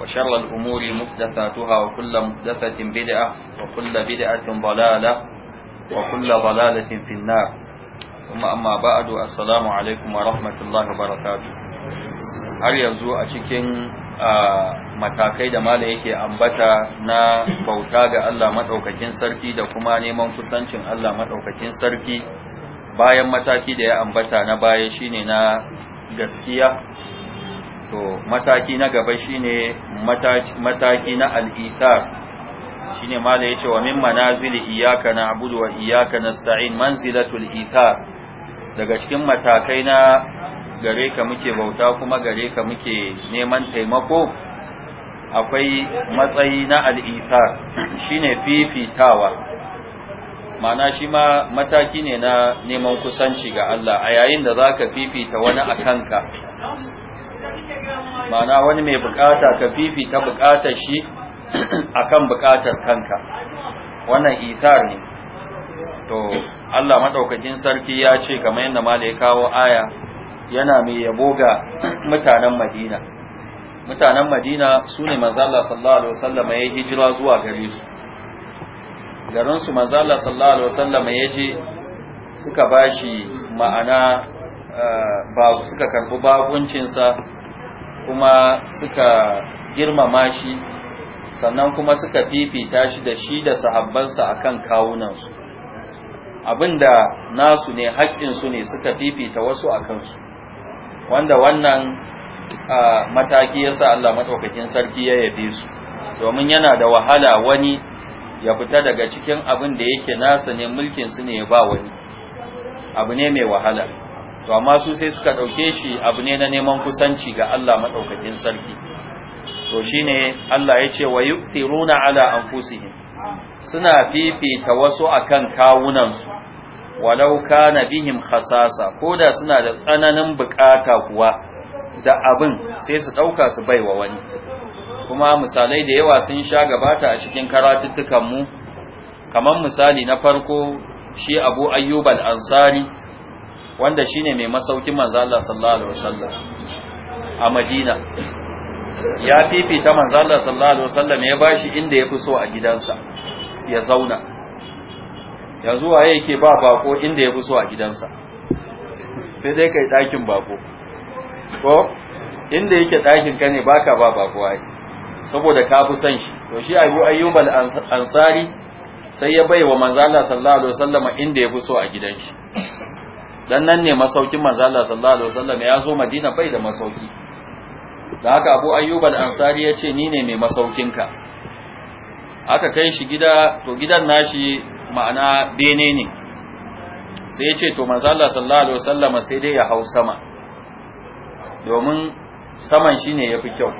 وشر الأمور محدثاتها وكل محدثة بدعة وكل بدعة ضلالة وكل ضلالة في النار ثم أما بعد السلام عليكم ورحمة الله وبركاته har yanzu a cikin matakai da mala yake ambata na bauta ga Allah maɗaukakin sarki da kuma neman kusancin Allah maɗaukakin sarki bayan mataki da ya ambata na baya shine na gaskiya to mataki na gaba shine mataki na al'itar shine mala yace wa min manazili iyyaka na'budu wa iyyaka nasta'in manzilatul itar daga cikin matakai na gare ka muke bauta kuma gare ka muke neman taimako akwai matsayi na al'itar shine fifitawa mana shi ma mataki ne na neman kusanci ga Allah a yayin da za ka fifita wani a kanka. ma'ana wani mai bukata ka fifita bukatar shi akan bukatar kanka wannan itar ne to Allah madaukakin sarki ya ce kamar yadda da ya kawo aya yana mai yabo ga mutanen Madina mutanen Madina sune ne mazalla sallallahu alaihi wasallam ya hijira zuwa gare su garin su manzo sallallahu alaihi wasallam ya je suka bashi ma'ana eh, ba suka karbi babuncinsa. kuma suka girmama shi sannan kuma suka fifita shi da shi da sahabbansa akan kawunansu abinda nasu ne haƙƙinsu ne suka fifita wasu a kansu wanda wannan mataki ya sa Allah matsaukakin sarki ya yabe su domin yana da wahala wani ya fita daga cikin abin da yake nasa ne mulkinsu ne ya ba wani abu ne mai wahala to amma su sai suka ɗauke shi abu ne na neman kusanci ga Allah maɗaukakin sarki to shine Allah ya ce wa yuqtiruna ala anfusihim suna fifita wasu akan kawunansu walau kana bihim khasasa da suna da tsananin bukata kuwa da abin sai su ɗauka su baiwa wani kuma misalai da yawa sun sha gabata a cikin karatuttukanmu kamar misali na farko shi abu ayyub ansari wanda shine mai masaukin manzo Allah sallallahu alaihi wasallam a Madina ya fifita manzo Allah sallallahu alaihi wasallam ya bashi inda yafi so a gidansa ya zauna ya zuwa yake ba bako inda yafi so a gidansa sai dai kai ɗakin bako ko inda yake ɗakin ka ne baka ba bako ai saboda ka fi son shi to shi Abu Ayyub al-Ansari sai ya bai wa manzo Allah sallallahu alaihi wasallam inda yafi so a gidansa dan nan ne masaukin manzo Allah sallallahu alaihi wasallam ya zo Madina bai da masauki da haka Abu Ayyub al-Ansari ya ce ni ne mai masaukinka aka kai shi gida to gidan nashi ma'ana bene ne sai ya ce to manzo Allah sallallahu alaihi wasallam sai dai ya hau sama domin saman shine yafi kyau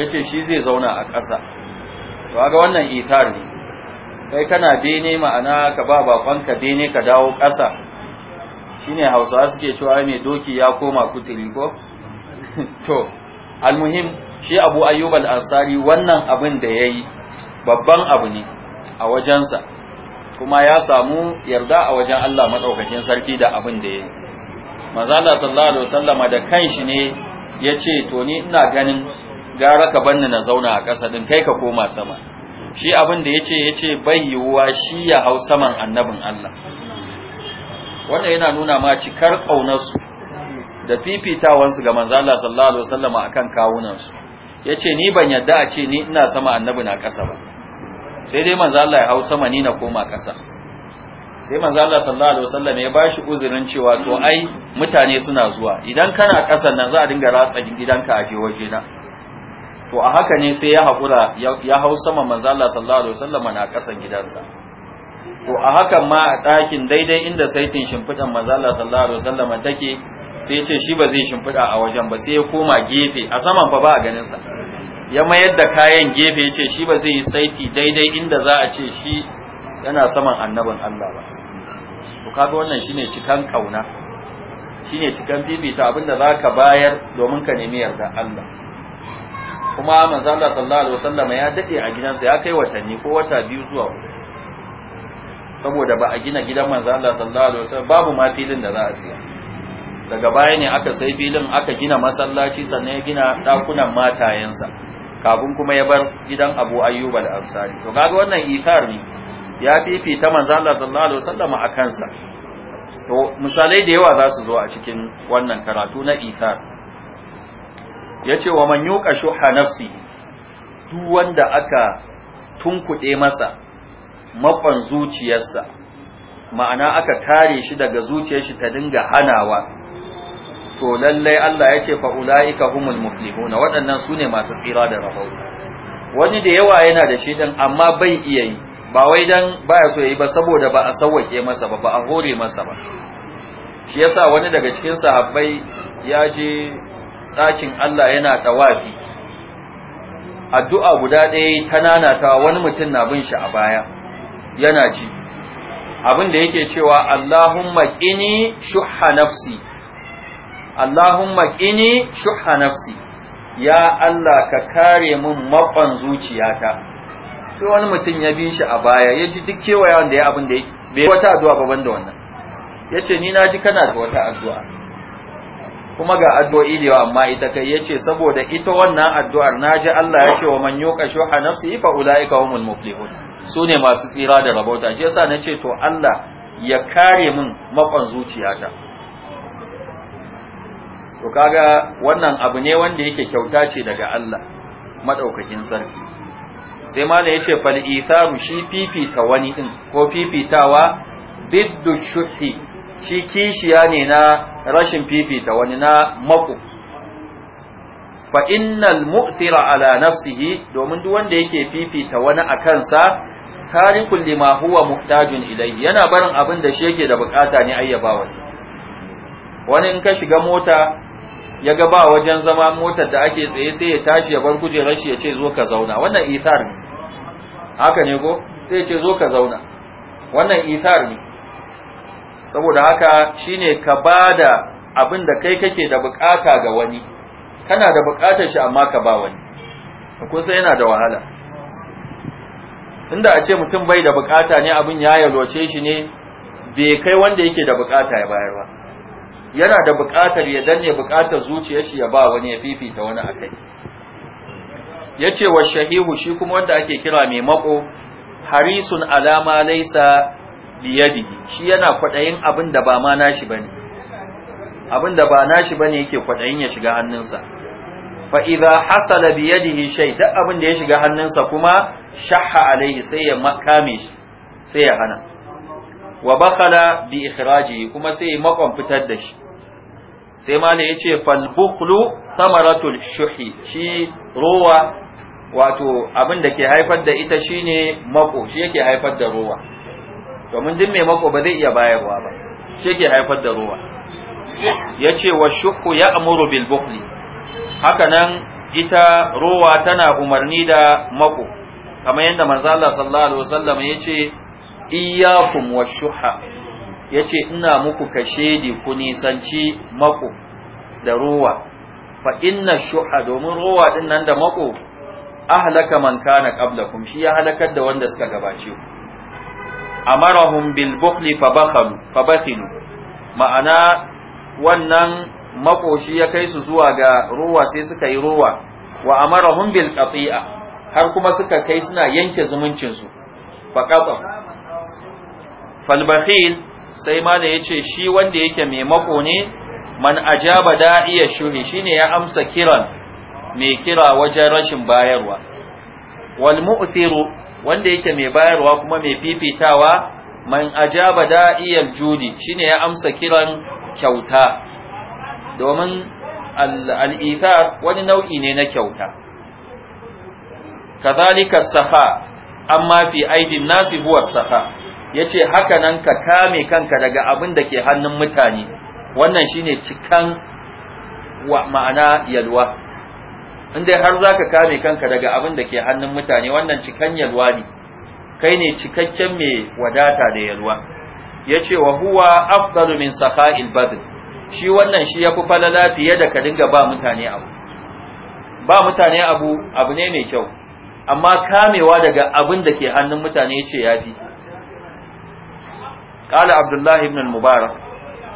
yace shi zai zauna a ƙasa to ga wannan itar ne kai kana bene ma'ana ka ba bakonka bene ka dawo ƙasa Shi ne hausawa suke cewa mai doki ya koma kuturi ko to almuhim shi abu ayyub al-ansari wannan abin da ya yi babban abu ne a wajensa kuma ya samu yarda a wajen Allah maɗaukakin sarki da abin da ya yi. Mazana sallallahu alaihi wasallama da kanshi ne yace to ni ina ganin gara ka banni na zauna a ƙasa ɗin kai ka koma sama shi abin da yace yace bai yiwuwa shi ya hau saman annabin Allah wannan yana nuna ma cikar ƙaunarsu da fifitawansu ga manzo Allah sallallahu alaihi wasallam akan kawunansu yace ni ban yadda a ce ni ina sama annabi na ƙasa ba sai dai manzo Allah ya hau sama ni na koma ƙasa sai manzo Allah sallallahu alaihi wasallam ya bashi uzurin cewa to ai mutane suna zuwa idan kana ƙasa nan za a dinga ratsa gidanka a je waje na to a haka ne sai ya haƙura ya hau sama manzo Allah sallallahu alaihi wasallam na ƙasan gidansa to a haka ma a ɗakin daidai inda saitin shimfiɗan manzo Allah sallallahu alaihi wasallam take sai ce shi ba zai shimfiɗa a wajen ba sai ya koma gefe a saman fa ba a ganin sa ya mayar da kayan gefe ya ce shi ba zai yi saiti daidai inda za a ce shi yana saman annabin Allah ba to kaga wannan shine cikan kauna shine cikan bibita abinda zaka bayar domin ka nemi yarda Allah kuma manzo Allah sallallahu alaihi wasallam ya dade a gidansa ya kai watanni ko wata biyu zuwa uku saboda ba a gina gidan manzo Allah sallallahu alaihi wasallam babu ma filin da za a siya daga baya ne aka sai filin aka gina masallaci sannan ya gina dakunan matayensa kafin kuma ya bar gidan Abu Ayyub al-Ansari to kaga wannan ifar ne ya fifita manzo Allah sallallahu alaihi wasallam a kansa to misalai da yawa za su zo a cikin wannan karatu na ifar Ya ce wa man yuka shuha nafsi duk wanda aka tunkuɗe masa makon zuciyarsa ma'ana aka kare shi daga zuciyar shi ta dinga hanawa to lallai Allah ya ce fa ulaika humul muflihuna waɗannan sune masu tsira da rabau wani da yawa yana da shi din amma bai iya yi ba wai dan baya so yayi ba saboda ba a sawwake masa ba ba a hore masa ba shi yasa wani daga cikin sahabbai ya je Dakin Allah yana tawafi addu'a guda ɗaya ta nanata wani mutum na bin shi a baya yana ji abin da yake cewa Allahumma qini shuhha nafsi Allahumma qini shuhha nafsi ya Allah ka kare min makon zuciyata sai wani mutum ya bin shi a baya ya ji duk kewayawan da ya abin da ya wata addu'a ba da wannan ya ni na ji kana da wata addu'a kuma ga addu'o'i da amma ita kai yace saboda ita wannan addu'ar naji Allah ya ce wa man yuqa shuha nafsi fa ulaika humul muflihun sune masu tsira da rabota, shi yasa nace to Allah ya kare min makon zuciyata to kaga wannan abu ne wanda yake kyauta ce daga Allah madaukakin sarki sai mala yace fal itharu shi fifita wani din ko fifitawa biddu shuhi shi kishiya ne na rashin fifita wani na maku fa innal mu'tira ala nafsihi domin duk wanda yake fifita wani a kansa tarikul lima huwa muhtajun ilayhi yana barin abin da shi yake da bukata ne ayyaba wani wani in ka shiga mota ya ga ba wajen zama motar da ake tsaye sai ya tashi ya bar kujera shi ya ce zo ka zauna wannan ithar ne haka ne ko sai ya ce zo ka zauna wannan ithar ne saboda haka shine ka bada abin da kai kake da bukata ga wani kana da bukatar shi amma ka ba wani kusa yana da wahala inda a ce mutum bai da bukata ne abin ya yalwace shi ne bai kai wanda yake da bukata ya bayar ba yana da bukatar ya danne bukatar zuciyar shi ya ba wani ya fifita wani akai yace wa shahihu shi kuma wanda ake kira mai mako harisun alama laisa biyadihi shi yana kwadayin abin da ba ma nashi bane abin da ba nashi bane yake kwaɗayin ya shiga hannunsa fa idza hasala biyadihi shay da abin da ya shiga hannunsa kuma shahha alaihi sai ya makame shi sai ya hana wa bakhala bi ikhrajihi kuma sai ya makon fitar da shi sai ma ne yace fal bukhlu samaratul shuhi shi ruwa, wato abin da ke haifar da ita shine mako shi yake haifar da ruwa. domin duk mai mako ba zai iya bayarwa ba shi ke haifar da ruwa ya ce wa shukku ya amuru bil bukhli haka nan ita ruwa tana umarni da mako kamar yadda manzo Allah sallallahu alaihi wasallam ya ce iyyakum Ya yace ina muku kashe di ku nisanci mako da ruwa fa inna shuha domin ruwa din nan da mako ahlaka man kana qablakum shi ya halakar da wanda suka gabace ku amarahum bil bukhli fabakhilu ma'ana wannan makoshi ya kai su zuwa ga ruwa sai suka yi ruwa wa amarahum bil qati'a har kuma suka kai suna yanke zumuncin su faqata sai ma da yace shi wanda yake mai mako ne man ajaba da'iya shuhi shine ya amsa kiran mai kira wajen rashin bayarwa wal mu'thiru wanda yake mai bayarwa kuma mai fifitawa man ajaba da'iyal judi shine ya amsa kiran kyauta domin al'ithar wani nau'i ne na kyauta kazalika safa amma fi aidin nasi huwa safa yace haka nan ka kame kanka daga abin da ke hannun mutane wannan shine cikan wa ma'ana yalwa in dai har za ka kame kanka daga abin da ke hannun mutane wannan cikan yalwa ne kai ne cikakken mai wadata da yalwa yace wa huwa afdalu min sakha'il badr shi wannan shi yafi falala fiye da ka dinga ba mutane abu ba mutane abu abu ne mai kyau amma kamewa daga abin da ke hannun mutane yace yafi قال abdullahi ibn al Mubarak.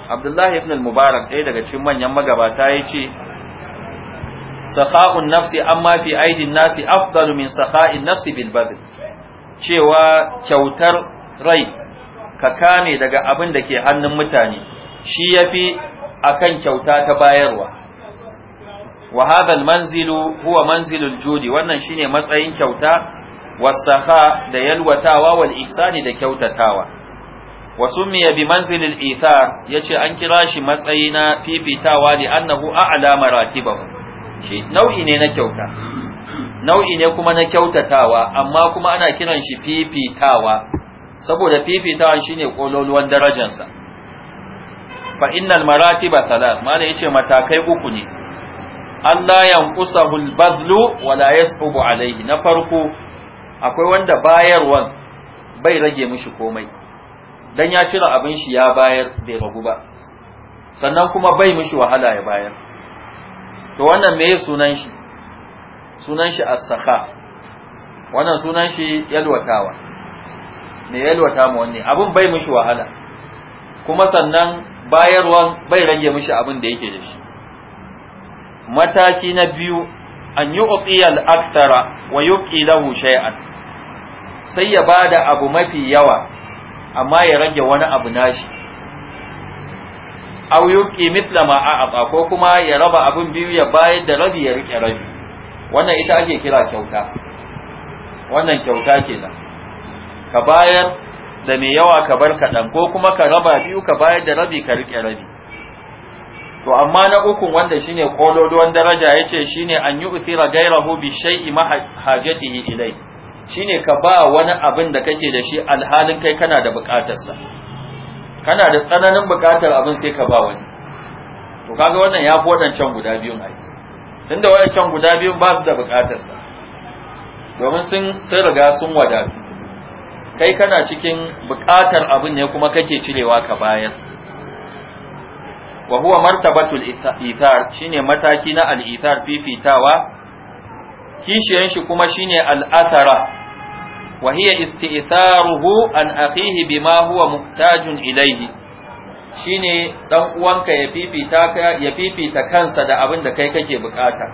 Abdullahi Ibn al-mubarak ɗaya daga cikin manyan magabata yace sakha'un nafsi amma fi aidin nasi afdalu min sakha'in nafsi bil badr cewa kyautar rai ka kame daga abin da ke hannun mutane shi yafi akan kyauta ta bayarwa wa hadha al manzilu huwa manzilul judi wannan shine matsayin kyauta wasaha da yalwatawa wal ihsani da kyautatawa wa summiya bi manzilil ithar yace an kira shi matsayi na fifitawa li annahu a'la maratibahu shi nau'i ne na kyauta nau'i ne kuma na kyautatawa amma kuma ana kiran shi fifitawa saboda fifitawa shine kololuwan darajansa. fa innal maratiba thalath mala yace matakai uku ne Allah yanqusahu al-badlu wa la yasqubu alayhi na farko akwai wanda bayarwan bai rage mishi komai dan ya cire abin shi ya bayar bai ragu ba sannan kuma bai mishi wahala ya bayar to wannan me sunan shi sunan shi as saha wannan sunan shi yalwatawa me yalwata mu wanne abin bai mishi wahala kuma sannan bayarwa bai rage mishi abin da yake da shi mataki na biyu an yi uqiyal aktara wa yuqi lahu shay'an sai ya bada abu mafi yawa amma ya rage wani abu nashi aw yuqi mithla ma a'ata ko kuma ya raba abin biyu ya bayar da rabi ya rike rabi wannan ita ake kira kyauta wannan kyauta kenan ka bayar da mai yawa ka bar kaɗan ko kuma ka raba biyu ka bayar da rabi ka rike rabi to amma na uku wanda shine kololuwan daraja yace shine an yi uthira gairahu bi shay'i ma hajatihi ilai shine ka ba wani abin da kake da shi alhalin kai kana da bukatarsa kana da tsananin bukatar abin sai ka ba wani to kaga wannan ya fi waɗancan guda biyun ai tunda waɗancan guda biyun ba su da sa domin sun sun riga sun wada kai kana cikin bukatar abin ne kuma kake cirewa ka bayar wa huwa martabatul ithar shine mataki na al ithar fifitawa kishiyan shi kuma shine al athara وهي استئثاره isti'tharuhu an بما bima huwa muhtajun shine dan uwanka ya fifita ka ya fifita kansa da abin da kai kake bukata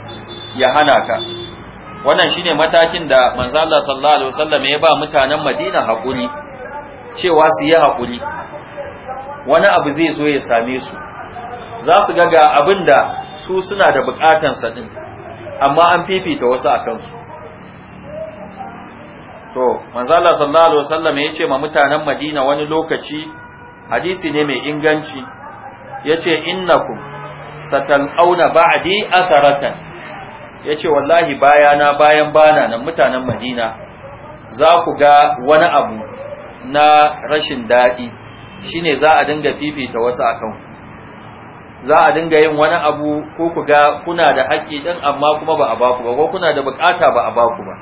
ya hana ka wannan shine matakin da manzo Allah sallallahu alaihi wasallam ya ba mutanen Madina hakuri cewa su yi hakuri wani abu zai zo ya same su za su ga ga abin da su suna da bukatansa din amma an fifita wasu a kansu to manzala sallallahu alaihi wasallam ya ma mutanen madina wani lokaci hadisi ne mai inganci yace ce innakum satal'auna ba'di atharatan ya ce wallahi bayana bayan bana nan mutanen madina za ku ga wani abu na rashin daɗi shine za a dinga fifita wasu akan za a dinga yin wani abu ko ku ga kuna da haƙƙi din amma kuma ba a ba ku ba ko kuna da bukata ba a ba ku ba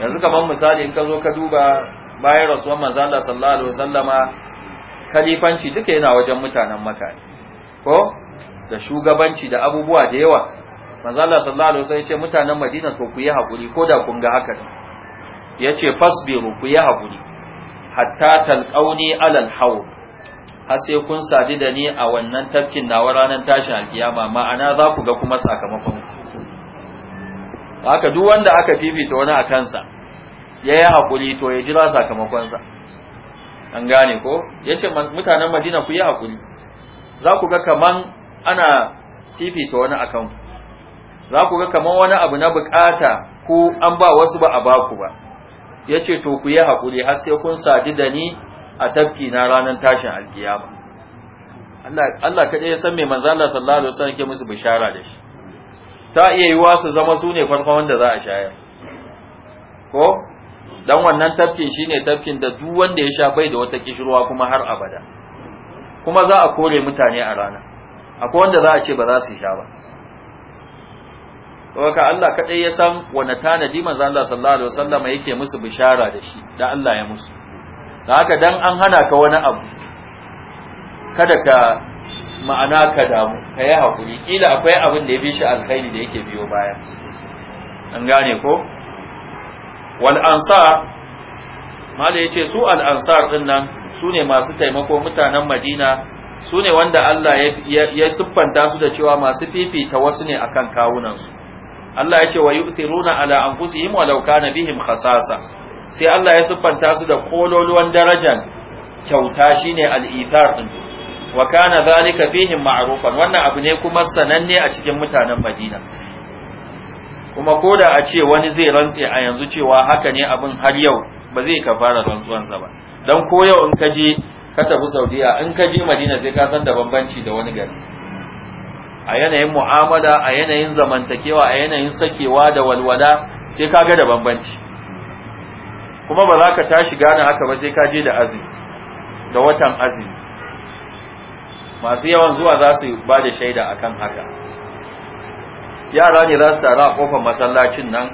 yanzu kamar misali in ka zo ka duba bayan rasuwan mazala sallallahu alaihi wasallama kalifanci duka yana wajen mutanen maka ko da shugabanci da abubuwa da yawa Mazala sallallahu alaihi wasallam ya ce mutanen madina to ku yi hakuri ko da kun ga haka ya ce fasbiru ku yi hakuri hatta talqauni alal hawl har sai kun sadu da ni a wannan tafkin nawa ranar tashin alkiyama ma'ana za ku ga kuma sakamakon ku haka duk wanda aka fifita wani a kansa ya yi haƙuri to ya jira sakamakonsa an gane ko ya ce mutanen madina ku yi haƙuri za ku ga kaman ana fifita wani a kanku za ku ga kaman wani abu na bukata ku an ba wasu ba a baku ba ya ce to ku yi haƙuri har sai kun sadi da ni a tafki na ranar tashin alkiyama Allah kaɗai ya san mai manzo Allah sallallahu alaihi wasallam ke musu bishara da shi ta iya yiwuwa su zama su ne farkon wanda za a shayar ko dan wannan tafkin shine tafkin da duk wanda ya sha bai da wata kishirwa kuma har abada kuma za a kore mutane a rana akwai wanda za a ce ba za su sha ba Waka Allah kaɗai ya san wane tanadi manzo Allah sallallahu alaihi wasallam yake musu bishara da shi da Allah ya musu da haka dan an hana ka wani abu kada ka ma'ana ka damu ka yi haƙuri ƙila akwai abin da ya bi shi alkhairi da yake biyo baya an gane ko wal ansar mala ya su al ansar din nan su ne masu taimako mutanen madina su ne wanda Allah ya siffanta su da cewa masu fifita wasu ne akan kawunansu Allah ya ce wa yu'tiruna ala anfusihim walau kana bihim khasasa sai Allah ya siffanta su da kololuwan darajan kyauta shine al-ithar din wa kana zalika fihim ma'rufan wannan abu ne kuma sananne a cikin mutanen Madina kuma koda a ce wani zai rantse a yanzu cewa haka ne abin har yau ba zai kafara rantsuwansa ba dan ko yau in ka je ka tafi Saudiya in ka je Madina sai ka san da bambanci da wani gari a yanayin mu'amala a yanayin zamantakewa a yanayin sakewa da walwala sai ka ga da bambanci kuma ba za ka tashi gane haka ba sai ka je da azumi da watan azumi masu yawan zuwa za su ba da shaida a kan haka yara ne za su taru a kofar masallacin nan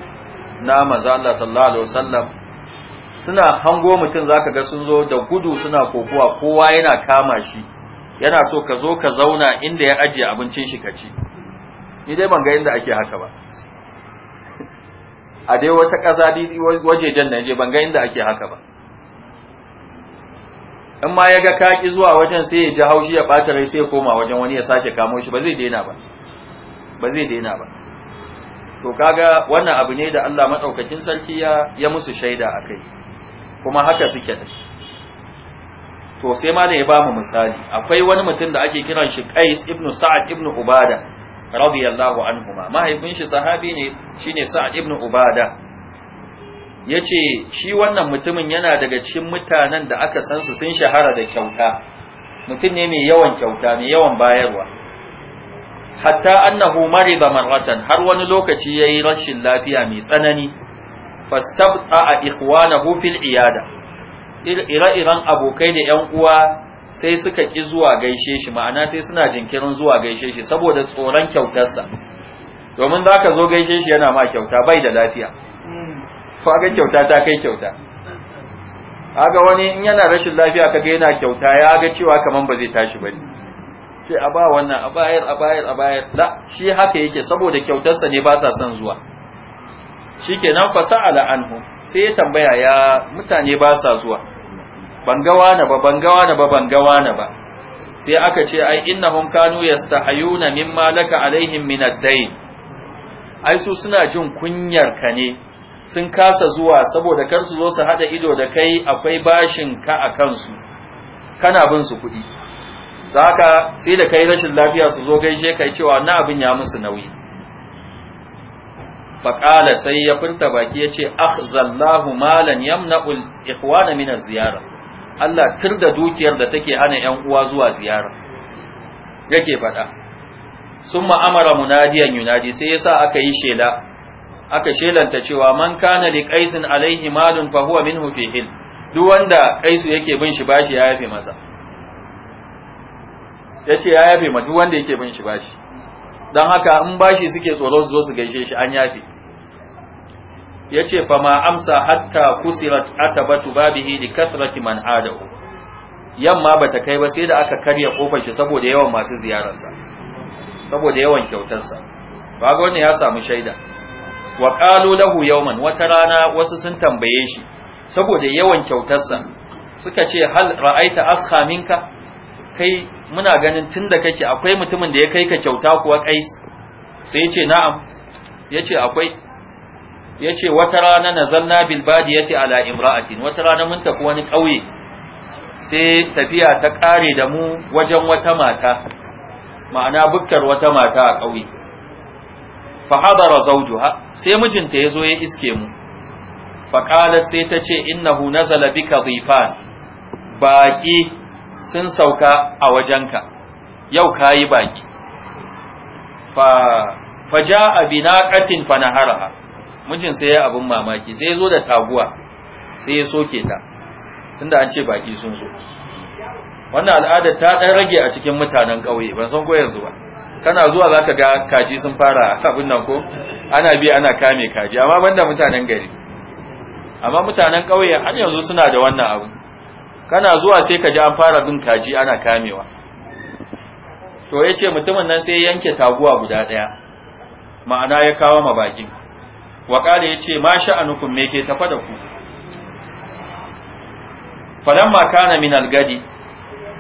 na manzo Allah sallallahu alaihi wasallam suna hango mutum za ka ga sun zo da gudu suna kokowa kowa yana kama shi yana so ka zo ka zauna inda ya ajiye abincin shi ka ci ni dai ban ga inda ake haka ba a dai wata ƙasa jan na je ban ga inda ake haka ba in ma ya ga kaki zuwa wajen sai ya ji haushi ya bata rai sai ya koma wajen wani ya sake kamo shi ba zai daina ba ba zai daina ba to kaga wannan abu ne da Allah madaukakin sarki ya ya musu shaida akai kuma haka suke da to sai ma da ya ba mu misali akwai wani mutum da ake kiran shi Qais ibn Sa'ad ibn Ubada radiyallahu anhuma mahaifin shi sahabi ne shine Sa'ad ibn Ubada ya ce shi wannan mutumin yana daga cikin mutanen da aka san su sun shahara da kyauta mutum ne mai yawan kyauta mai yawan bayarwa hatta annahu marida maratan har wani lokaci yayi rashin lafiya mai tsanani a ikwana fil iyada Ire-iren abokai da yan uwa sai suka ki zuwa gaishe shi ma'ana sai suna jinkirin zuwa gaishe shi saboda tsoron kyautarsa domin zaka zo gaishe shi yana ma kyauta bai da lafiya ga kyauta ta kai kyauta aga wani in yana rashin lafiya kaga yana kyauta ya ga cewa kaman ba zai tashi bane sai a ba wannan a bayar a bayar a bayar la shi haka yake saboda kyautarsa ne ba sa son zuwa shikenan fa sa'ala anhu sai ya tambaya ya mutane ba sa zuwa ban ga ba ban ga ba ban ga ba sai aka ce ai innahum kanu yastahayuna mimma laka alaihim min ad-dayn ai su suna jin kunyar ka ne sun kasa zuwa saboda kar su zo su hada ido da kai akwai bashin ka a kansu kana bin su kuɗi za ka sai da kai rashin lafiya su zo gaishe kai cewa na abin ya musu nauyi faƙala sai ya furta baki ya ce akhzallahu malan yamna'ul ikhwana min ziyara Allah tur da dukiyar da take hana 'yan uwa zuwa ziyara yake faɗa sun ma'amara munadiyan yunadi sai yasa aka yi shela aka shelanta cewa man kana li qaisin alaihi malun fa huwa minhu fi duk wanda qaisu yake bin shi bashi ya yafe masa yace ya yafe ma duk wanda yake bin shi bashi dan haka in bashi suke tsoro su zo su gaishe shi an yafe yace fa ma amsa hatta kusirat atabatu babihi li kathrati man adahu yamma bata kai ba sai da aka karya kofar shi saboda yawan masu ziyararsa saboda yawan kyautarsa ba ga wannan ya samu shaida wa qalu lahu yawman wata rana wasu sun tambaye shi saboda yawan kyautarsa suka ce hal ra'aita asha minka kai muna ganin tunda kake akwai mutumin da ya kai ka kyauta kuwa kai? sai yace na'am yace akwai yace wata rana nazalna bil badiyati ala imra'atin wata rana mun tafi wani kauye sai tafiya ta kare da mu wajen wata mata ma'ana bukkar wata mata a kauye fa hadara zawjuha sai mijinta yazo ya iske mu fa sai ta ce innahu nazala bika dhifan baqi sun sauka a wajenka yau kayi baqi fa a binaqatin fa naharaha mijin sai ya abun mamaki sai yazo da taguwa sai ya soke ta tunda an ce baƙi sun zo wannan al'ada ta dan rage a cikin mutanen ƙauye ban san ko yanzu ba kana zuwa zaka ga kaji sun fara abin nan ko ana bi ana kame kaji amma banda mutanen gari amma mutanen ƙauye har yanzu suna da wannan abu kana zuwa sai ka ji an fara bin kaji ana kamewa to ya ce mutumin nan sai yanke taguwa guda ɗaya ma'ana ya kawo mabakin waƙala ya ce ma sha'anukun me ke tafa da ku falamma kana min algadi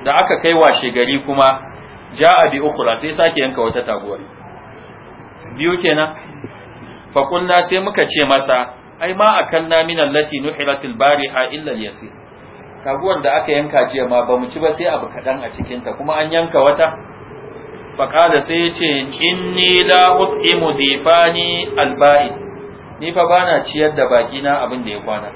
da aka kai washe gari kuma ja'a bi ukhra sai sake yanka wata taguwar biyu kenan fa kunna sai muka ce masa ai ma akanna min allati nuhilatil a illa yasir taguwar da aka yanka jiya ma bamu ci ba sai abu kadan a cikin ta kuma an yanka wata fa kada sai ya ce inni la ut'imu difani albait ni fa bana ciyar da baki na abin da ya kwana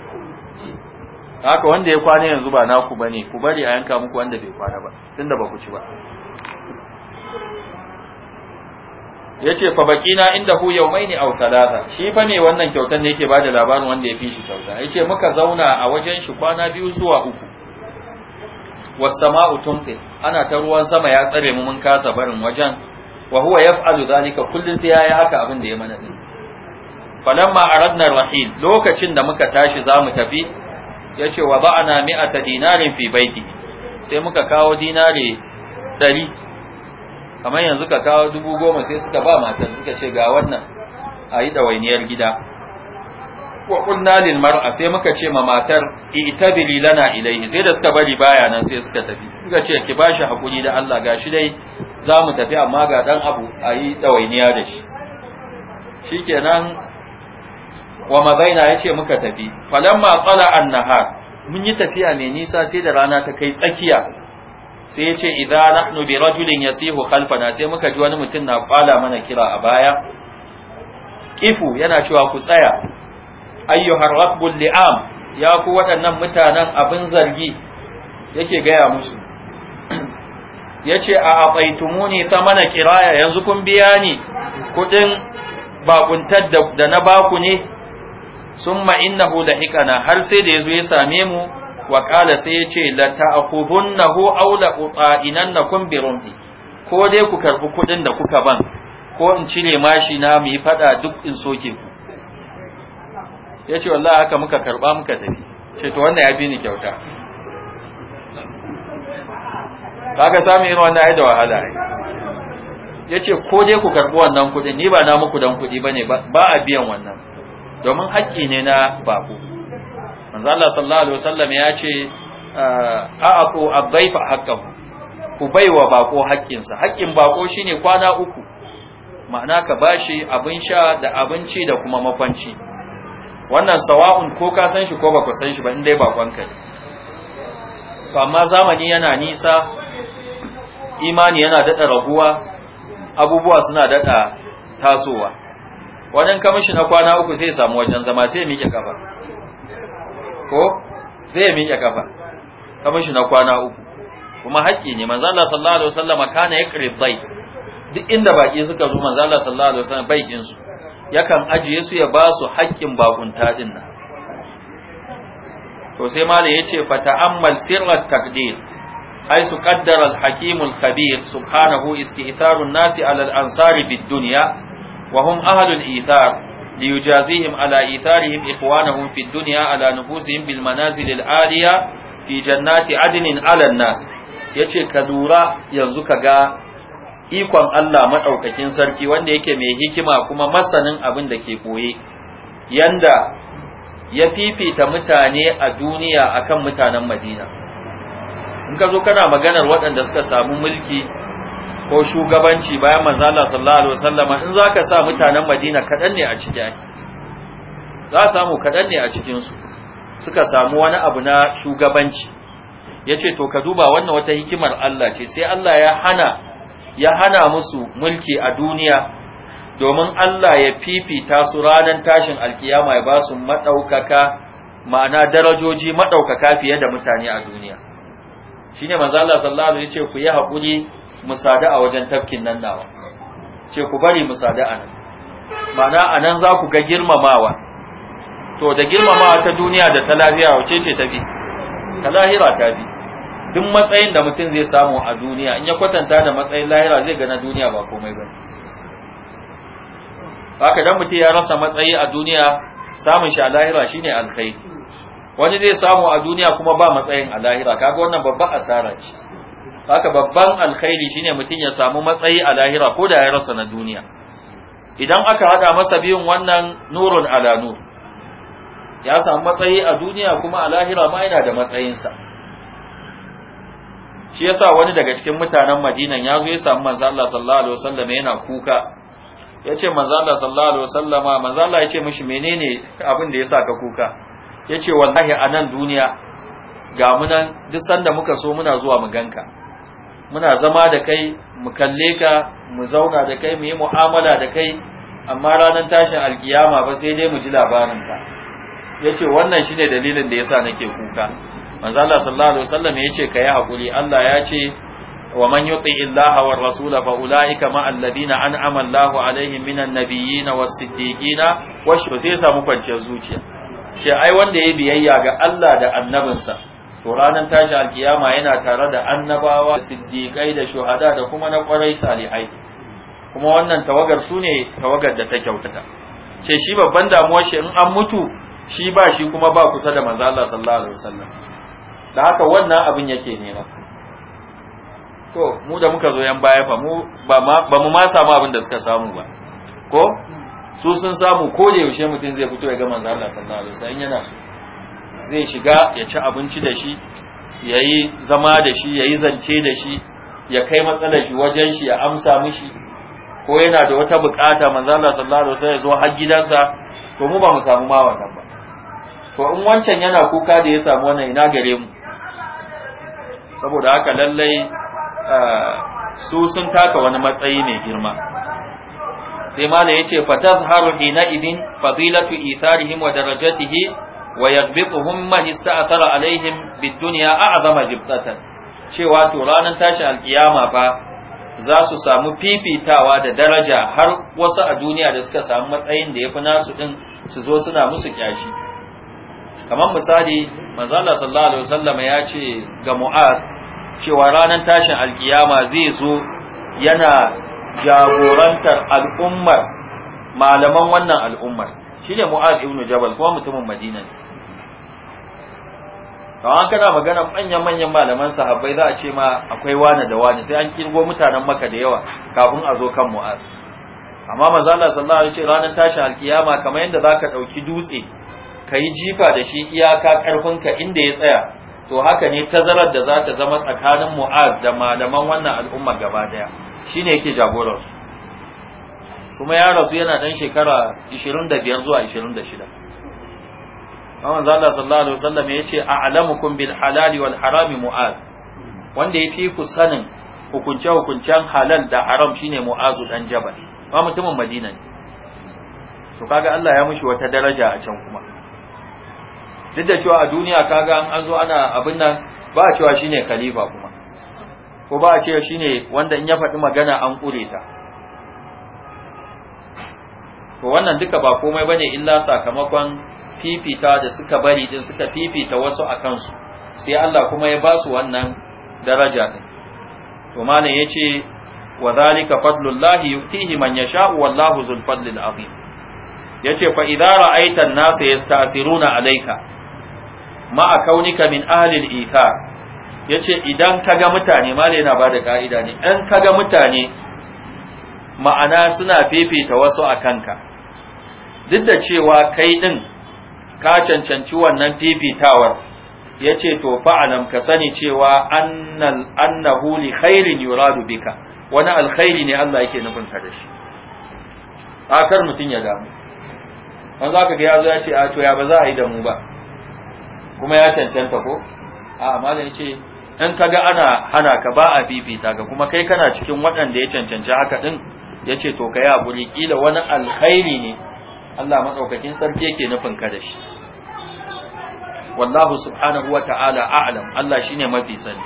haka wanda ya kwana yanzu ba naku bane ku bari a yanka muku wanda bai kwana ba tunda ba ku ci ba yace fa baqina indahu yawmaini aw thalatha shi fa ne wannan kyautar ne yake bada labarin wanda ya fi shi kyauta yace muka zauna a wajen shi kwana biyu zuwa uku was-sama'u ana ta ruwan sama ya tsare mu mun kasa barin wajen wa huwa yaf'alu zalika kullun sai yi haka abin da ya mana din falamma aradna rahil lokacin da muka tashi za mu tafi yace wa ba'ana mi'ata dinarin fi baiti sai muka kawo dinari. ɗari kamar yanzu ka kawo dubu goma sai suka ba matar suka ce ga wannan a yi ɗawainiyar gida wa kunna lil mar'a sai muka ce ma matar itabili lana ilaihi sai da suka bari baya sai suka tafi suka ce ki bashi hakuri da Allah gashi dai zamu tafi amma ga dan abu a yi ɗawainiya da shi shikenan wa mabaina yace muka tafi falamma qala an-nahar mun yi tafiya mai nisa sai da rana ta kai tsakiya sai ya ce idza nahnu bi rajulin yasihu khalfana sai muka ji wani mutum na kwala mana kira a baya kifu yana cewa ku tsaya ayyuhar rabbul li'am ya ku waɗannan mutanen abin zargi yake gaya musu yace a abaitumuni ta mana kiraya yanzu kun biya ni kuɗin bakuntar da na baku ne summa innahu lahiqana har sai da yazo ya same mu wa qala sai yace la ta'khudunnahu aw la uta'inannakum bi rumhi ko dai ku karbi kudin da kuka ban ko in cire mashi na mu yi fada duk in soke ku yace wallahi haka muka karba muka tafi ce to wannan ya bi ni kyauta kaga sami irin wannan ai da wahala yace ko dai ku karbi wannan kudin ni ba na muku dan kudi bane ba a biyan wannan domin haƙƙi ne na babu manzo Allah sallallahu alaihi wasallam ya ce a aku abdaifa haqqahu ku baiwa bako haƙƙinsa haƙƙin bako shine kwana uku ma'ana ka bashi abin sha da abinci da kuma makwanci wannan sawa'un ko ka san shi ko ku san shi ba in dai bakon kai to amma zamani yana nisa imani yana dada raguwa abubuwa suna dada tasowa wannan kamishi na kwana uku sai samu wajen zama sai miƙe kafa ko zai ya miƙe kafa kamar shi na kwana uku kuma haƙƙi ne manzo Allah sallallahu alaihi wasallam kana yaqri bait duk inda baki suka zo manzo Allah sallallahu alaihi wasallam baikin su yakan ajiye su ya ba su haƙƙin bakunta din nan to sai malai yace fa ta'ammal sirrat taqdir حيث قدر الحكيم nasi ala al-ansari bid-dunya wa hum ahlul ithar liyujazihim ala itharihim ikhwanahum fid dunya ala nufusihim bil manazil al aliya fi jannati adnin ala yace ka lura yanzu ka ga ikon Allah maɗaukakin sarki wanda yake mai hikima kuma masanin abin da ke koye yanda ya fifita mutane a duniya akan mutanen Madina in ka zo kana maganar waɗanda suka samu mulki ko shugabanci bayan manzala sallallahu alaihi wasallama in zaka sa mutanen Madina kadan ne a ciki za samu kadan ne a cikin su suka samu wani abu na shugabanci yace to ka duba wannan wata hikimar Allah ce sai Allah ya hana ya hana musu mulki a duniya domin Allah ya fifita su ranar tashin alkiyama ya ba su madaukaka ma'ana darajoji madaukaka fiye da mutane a duniya shine manzo Allah sallallahu alaihi wasallam yace ku yi hakuri musada a wajen tafkin nan nawa ce ku bari musada a nan mana a nan za ku ga girmamawa to da girmamawa ta duniya da ta lafiya wace ce ta bi ta lahira ta bi duk matsayin da mutum zai samu a duniya in ya kwatanta da matsayin lahira zai gana duniya ba komai ba haka dan mutum ya rasa matsayi a duniya samun shi a lahira shine alkhairi wani zai samu a duniya kuma ba matsayin a lahira kaga wannan babban asara ce haka babban alkhairi shine mutum ya samu matsayi a lahira ko da ya rasa na duniya idan aka hada masa biyun wannan nurun ala nur ya samu matsayi a duniya kuma a lahira ma yana da matsayinsa shi yasa wani daga cikin mutanen madinan ya zo ya samu manzo Allah sallallahu alaihi wasallam yana kuka yace manzo Allah sallallahu alaihi wasallama manzo Allah yace mishi menene abin da yasa ka kuka yace wallahi a nan duniya ga mu nan duk sanda muka so muna zuwa mu ganka muna zama da kai mu kalle ka mu zauna da kai mu yi mu'amala da kai amma ranar tashin alkiyama ba sai dai mu ji labarin ka yace wannan shine dalilin da yasa nake kuka manzo Allah sallallahu alaihi wasallam yace kai hakuri Allah ya ce wa man yuti illaha war rasul fa ulaika ma alladina an'ama Allahu alaihim minan nabiyina was siddiqina wash sai samu kwanciyar zuciya Shi ai wanda ya biyayya ga Allah da annabinsa to ranar tashi alkiyama yana tare da annabawa siddiƙai da shuhada da kuma na ƙwarai salihai kuma wannan tawagar su ne tawagar da ta kyautata ce shi babban damuwar shi in an mutu shi ba shi kuma ba kusa da manzo Allah sallallahu alaihi wasallam da haka wannan abin yake nema to mu da muka zo yan baya fa mu ba mu ma samu abin da suka samu ba ko su sun samu ko da yaushe mutum zai fito ya ga manzo Allah sallallahu alaihi wasallam yana so zai shiga ya ci abinci da shi ya yi zama da shi ya yi zance da shi ya kai matsalar shi wajen shi ya amsa mishi ko yana da wata bukata manzo Allah sallallahu alaihi ya zo har gidansa to mu ba mu samu ma wannan ba to in wancan yana kuka da ya samu wannan ina gare mu saboda haka lallai eh, su sun taka wani matsayi mai girma sai mala yace fatazharu hina idin fadilatu itharihim wa darajatihi wa yaghbituhum man ista'thara alaihim bid dunya a'zama jibtatan cewa to ranar tashin alkiyama fa za su samu fifitawa da daraja har wasu a duniya da suka samu matsayin da yafi nasu din su zo suna musu kyashi kamar misali manzo sallallahu alaihi wasallam ya ce ga Mu'az cewa ranar tashin alkiyama zai zo yana jagorantar al'ummar malaman wannan al'ummar shine Mu'az ibn Jabal kuma mutumin Madina ne an kana magana manyan manyan malaman sahabbai za a ce ma akwai wani da wani sai an kirgo mutanen maka da yawa kafin a zo kan mu'az amma manzo Allah sallallahu alaihi wasallam ranar tashi alkiyama kamar yadda zaka dauki dutse kayi jifa da shi iyaka karfinka inda ya tsaya to haka ne tazarar da za ta zama tsakanin mu'az da malaman wannan al'umma gaba daya shine yake jagorar su kuma ya rasu yana dan shekara 25 zuwa 26 amma manzo Allah sallallahu alaihi wasallam yace a'lamukum bil halali wal harami mu'az wanda yafi ku sanin hukunce hukuncen halal da haram shine mu'azu dan jabal ba mutumin madina ne to kaga Allah ya mushi wata daraja a can kuma duk da cewa a duniya kaga an an ana abin nan ba a cewa shine khalifa kuma ko ba a cewa shine wanda in ya faɗi magana an kure ta to wannan duka ba komai bane illa sakamakon fifita da suka bari din suka fifita wasu a kansu sai Allah kuma ya ba su wannan daraja din to malam yace wa zalika fadlullahi yu'tihi man sha'u wallahu zul fadlil azim yace fa idza ra'aita an-nasa yasta'siruna alaika. ma kaunika min ahli ita. Ya yace idan kaga mutane malam yana bada ka'ida ne ka ga mutane ma'ana suna fifita wasu a kanka duk da cewa kai ɗin. ka cancanci wannan fifitawar ya ce to fa'alam ka sani cewa annahu li khairin yuradu bika wani alkhairi ne Allah yake nufin ka da shi akar mutum ya damu an za ka ga yazo ya ce a to ya ba za a yi da mu ba kuma ya cancanta ko a amma ce in ka ga ana hana ka ba a fifita ga kuma kai kana cikin waɗanda ya cancanci haka din? ya ce to ka yi haƙuri ƙila wani alkhairi ne Allah matsaukakin sarki yake nufin ka da shi wallahu subhanahu wa ta'ala a'lam Allah shine mafi sani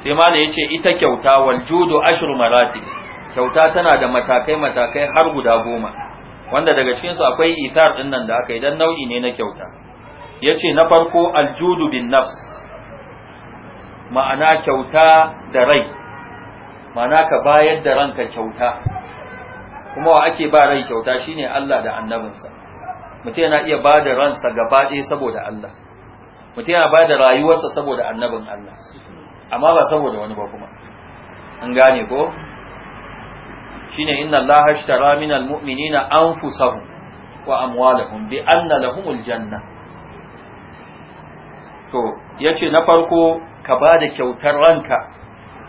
sai mala yace ita kyauta wal judu ashru marati kyauta tana da matakai matakai har guda goma wanda daga cikin su akwai ithar din nan da aka idan nau'i ne na kyauta yace na farko al judu bin nafs ma'ana kyauta da rai ma'ana ka bayar da ranka kyauta kuma wa ake ba rai kyauta shine Allah da annabinsa mutum yana iya ba da ransa gaba ɗaya saboda Allah mutum yana ba da rayuwarsa saboda annabin Allah amma ba saboda wani ba kuma an gane ko shine inna Allah ashtara min almu'minina anfusahum wa amwalahum bi anna lahumul janna to yace na farko ka ba da kyautar ranka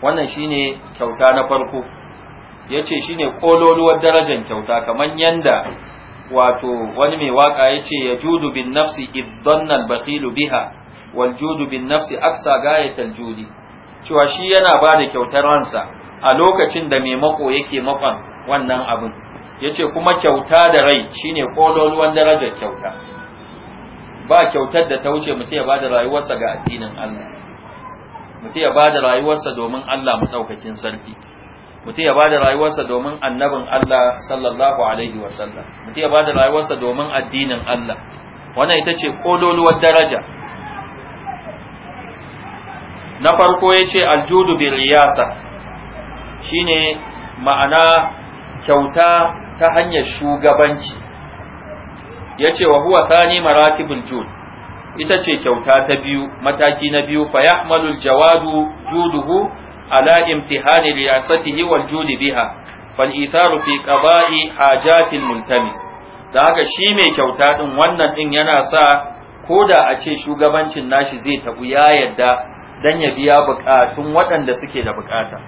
wannan shine kyauta na farko ya ce shi ne ƙololuwar darajar kyauta kamar yanda wato wani mai waka ya ce ya judu bin nafsi iddonnal bakilu biha wal judu bin nafsi aksa gaya taljudi cewa shi yana ba da kyautar ransa a lokacin da mai mako yake makon wannan abin ya ce kuma kyauta da rai shi ne ƙololuwan darajar kyauta ba kyautar da ta wuce mutum ya ba da rayuwarsa ga addinin Allah mutum ya ba da rayuwarsa domin Allah mu ɗaukakin sarki mutum ya bada rayuwarsa domin annabin Allah sallallahu alaihi wasallam mutum ya bada rayuwarsa domin addinin Allah wannan ita ce kololuwar daraja na farko ya ce aljudu bi riyasa shine ma'ana kyauta ta hanyar shugabanci ya ce wa huwa thani maratibul jud ita ce kyauta ta biyu mataki na biyu fa yahmalul jawadu juduhu على امتحان رياسته والجود بها biha في قضاء حاجات الملتمس hajatil multamis da haka shi mai kyauta din wannan din yana sa koda a ce shugabancin nashi zai tabu ya yadda dan ya biya bukatun waɗanda suke da bukata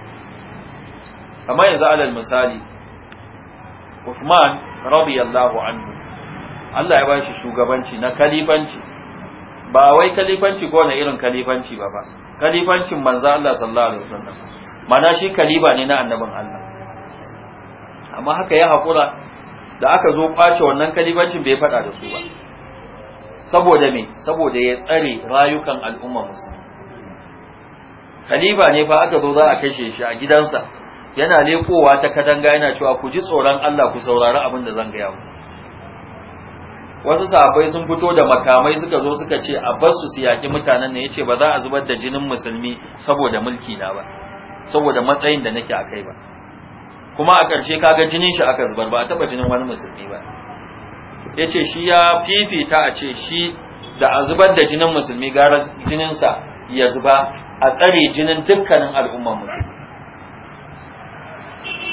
amma yanzu alal misali Uthman radiyallahu anhu Allah ya ba shi shugabanci na kalifanci ba wai kalifanci ko na irin kalifanci ba ba kalifancin manzo Allah sallallahu alaihi wasallam mana shi kaliba ne na annabin Allah amma haka ya hakura da aka zo kwace wannan kalifancin bai faɗa da su ba saboda me saboda ya tsare rayukan al'umma musulmi kaliba ne fa aka zo za a kashe shi a gidansa yana lekowa ta kadanga yana cewa ku ji tsoron Allah ku saurari abin da zan gaya muku wasu sahabbai sun fito da makamai suka zo suka ce a bar su su yaki mutanen ne yace ba za a zubar da jinin musulmi saboda mulki na ba saboda matsayin da nake akai ba kuma a karshe kaga jinin shi aka zubar ba a taba jinin wani musulmi ba yace shi ya fifita a ce shi da a zubar da jinin musulmi gara sa ya zuba a tsare jinin dukkanin al'umman musulmi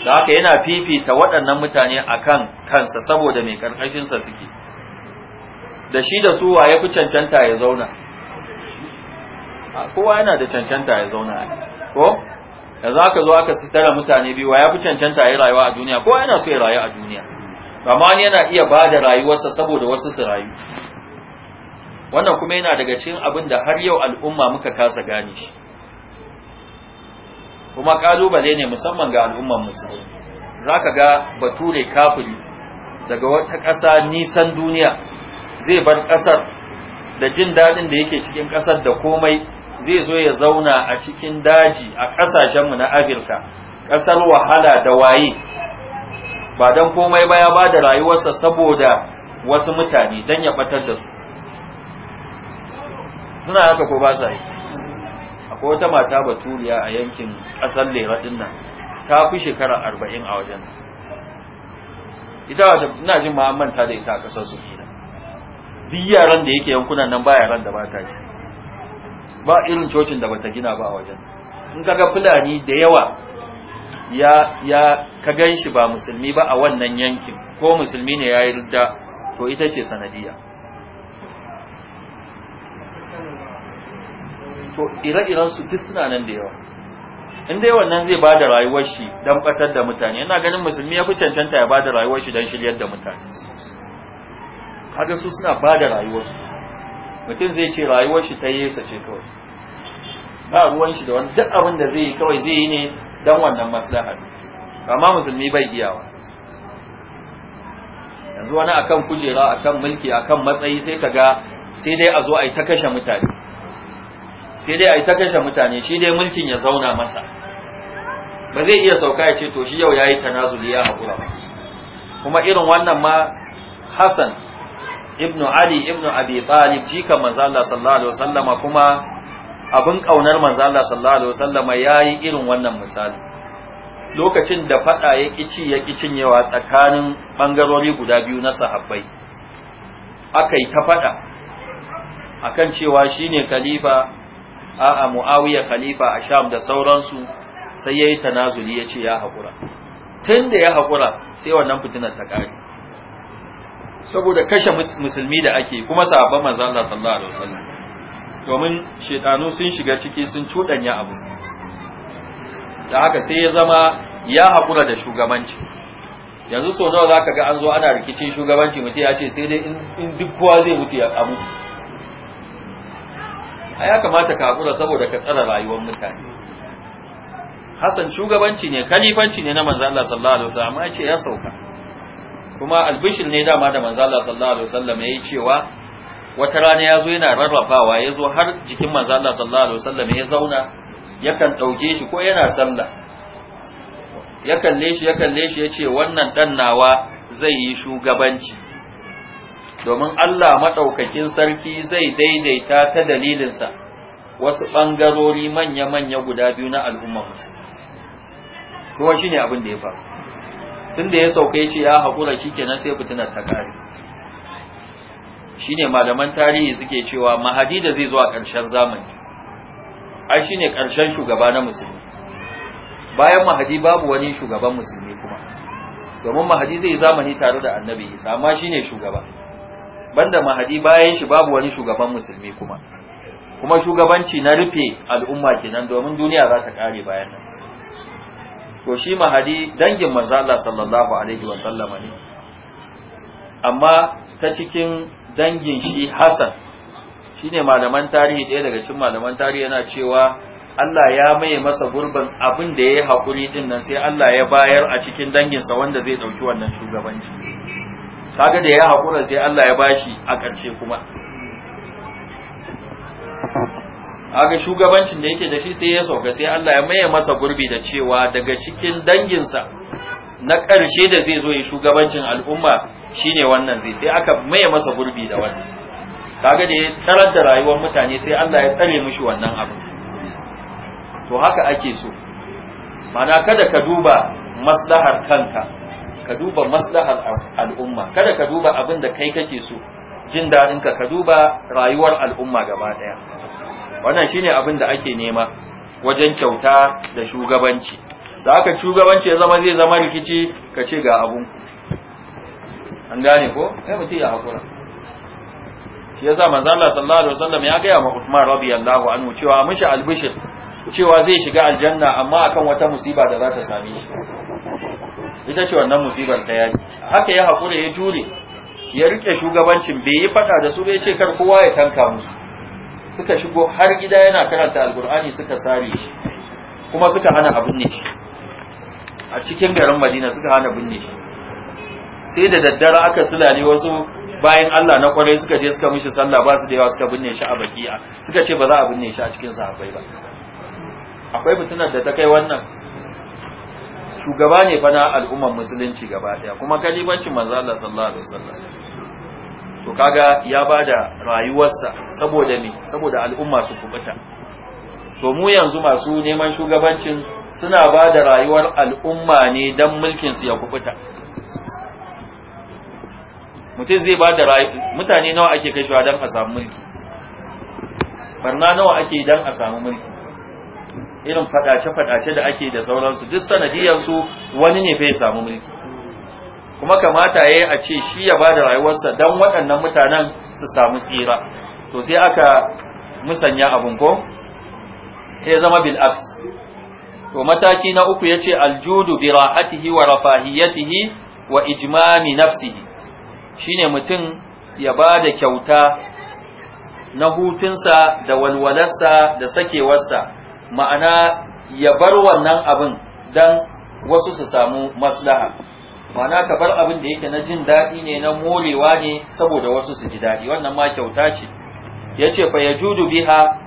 da haka yana fifita waɗannan mutane akan kansa saboda mai karkashinsa suke da shi da su waye fi cancanta ya zauna kowa yana da cancanta ya zauna ko za ka zo aka sitara mutane biyu ya fi cancanta ya rayuwa a duniya kowa yana so ya rayu a duniya amma yana iya ba da rayuwarsa saboda wasu su rayu wannan kuma yana daga cikin abin da har yau al'umma muka kasa gane shi kuma kalubale ne musamman ga al'umman musulmi za ka ga bature kafiri daga wata ƙasa nisan duniya zai bar ƙasar da jin daɗin da yake cikin ƙasar da komai zai zo ya zauna a cikin daji a ƙasashenmu na afirka ƙasar wahala da waye ba don komai ba ya ba da rayuwarsa saboda wasu mutane don ya ɓatar da su suna haka ko ba sa yi akwai wata mata baturiya a yankin ƙasar lera ɗin nan ta fi shekara arba'in a wajen ita ina jin ma'amanta da ita a ƙasar duk yaran da yake yankunan nan ba yaran da ba ta ba irin cocin da bata gina ba a wajen in kaga fulani da yawa ya ya ka gan shi ba musulmi ba a wannan yankin ko musulmi ne ya yi rudda to ita ce sanadiya to ire-iren su duk suna nan da yawa in dai wannan zai ba da rayuwar shi don batar da mutane yana ganin musulmi ya fi cancanta ya ba da rayuwar shi don shiryar da mutane kaga su suna ba da rayuwarsu mutum zai ce rayuwar shi ta yesa ce kawai ba ruwan shi da wani duk abin da zai yi kawai zai yi ne dan wannan maslaha amma musulmi bai wa. yanzu wani akan kujera akan mulki akan matsayi sai kaga sai dai a zo a yi ta kashe mutane sai dai a yi ta kashe mutane shi dai mulkin ya zauna masa ba zai iya sauka ya ce to shi yau ya yi tanazuli ya haƙura kuma irin wannan ma Hassan ibn ali ibn abi talib jika manzo Allah sallallahu alaihi wasallama kuma abin kaunar manzo Allah sallallahu alaihi wasallama yayi irin wannan misali lokacin da fada ya kici ya kicin yawa tsakanin bangarori guda biyu na sahabbai akai ta fada akan cewa shine khalifa a'a muawiya khalifa a sham da sauransu sai yayi tanazuli yace ya hakura tunda ya hakura sai wannan fitinar ta kare saboda kashe musulmi da ake kuma sahabban manzo Allah sallallahu alaihi wasallam domin shaytanu sun shiga ciki sun cudanya abu da haka sai ya zama ya haƙura da shugabanci yanzu sau nawa za ka ga an zo ana rikicin shugabanci mutum ya ce sai dai in duk kowa zai mutu ya abu a ya kamata ka haƙura saboda ka tsara rayuwar mutane Hassan shugabanci ne kalifanci ne na manzo Allah sallallahu alaihi wasallam amma ya ce ya sauka kuma albishir ne dama da manzo Allah sallallahu alaihi wasallam yayi cewa wata rana yazo yana rarrafawa yazo har jikin manzo Allah sallallahu alaihi wasallam ya zauna yakan dauke shi ko yana sallah ya kalle shi ya kalle shi ce wannan dan nawa zai yi shugabanci domin Allah madaukakin sarki zai daidaita ta dalilinsa wasu bangarori manya-manya guda biyu na al'umma musulmi kuma shine abin da ya faru tunda ya sauka ya ce ya haƙura shikenan sai fitinar ta kare ne malaman tarihi suke cewa mahadi da zai zuwa ƙarshen zamani ai ne ƙarshen shugaba na musulmi bayan mahadi babu wani shugaban musulmi kuma domin mahadi zai zamani tare da annabi isa amma ne shugaba banda mahadi bayan shi babu wani shugaban musulmi kuma kuma shugabanci na rufe al'umma kenan domin duniya za ta kare bayan nan to shi mahadi dangin manzo sallallahu alaihi wa sallama ne amma ta cikin dangin shi Hassan shine malaman tarihi ɗaya daga cikin malaman tarihi yana cewa Allah ya maye masa gurbin abin da ya yi haƙuri din nan sai Allah ya bayar a cikin danginsa wanda zai ɗauki wannan shugabanci kaga da ya haƙura sai Allah ya bashi a ƙarshe kuma aga shugabancin da yake da shi sai ya sauka sai Allah ya maye masa gurbi da cewa daga cikin danginsa na ƙarshe da zai zo ya shugabancin al'umma shine wannan zai sai aka maye masa gurbi da wannan kaga da ya tsarar da rayuwar mutane sai Allah ya tsare mishi wannan abu to haka ake so mana kada ka duba maslahar kanka ka duba maslahar al'umma kada ka duba abin da kai kake so jin daɗinka ka duba rayuwar al'umma gaba ɗaya wannan shine abin da ake nema wajen kyauta da shugabanci da haka shugabanci ya zama zai zama rikici ka ce ga abun an gane ko kai mutum ya hakura shi yasa manzo Allah sallallahu alaihi wasallam ya ga ma Uthman radiyallahu anhu cewa mishi albishir cewa zai shiga aljanna amma akan wata musiba da za ta same shi ita ce wannan musibar ta yayi haka ya hakura ya jure ya rike shugabancin bai yi fada da su bai ce kar kowa ya tanka musu suka shigo har gida yana karanta alkur'ani suka sare shi kuma suka hana abin ne a cikin garin madina suka hana binne ne sai da daddare aka sulale wasu bayan Allah na kwarai suka je suka mishi sallah ba su da yawa suka binne shi a bakiya suka ce ba za a binne shi a cikin sahabbai ba akwai mutunan da ta kai wannan shugaba ne fa na al'ummar musulunci gaba daya kuma kalibancin manzo Allah sallallahu alaihi wasallam to kaga ya bada rayuwarsa saboda ne saboda al'umma su kubuta to mu yanzu masu neman shugabancin suna bada rayuwar al'umma ne dan mulkin su ya kubuta mutum zai bada mutane nawa ake kai shiwa dan a samu mulki barna nawa ake dan a samu mulki irin fadace-fadace da ake da sauransu duk sanadiyar su wani ne fa ya samu mulki kuma kamata yayi a ce shi ya bada rayuwarsa dan waɗannan mutanen su samu tsira to sai aka musanya abun ko Ya zama bil to mataki na uku ya ce aljudu bi rahatihi wa rafahiyatihi wa ijmami nafsihi shine mutum ya ba da kyauta na hutunsa da walwalarsa da sakewarsa ma'ana ya bar wannan abin dan wasu su samu maslaha Mana ka bar abin da yake na jin daɗi ne na morewa ne saboda wasu su ji daɗi wannan ma kyauta ce ya ce fa yajudu biha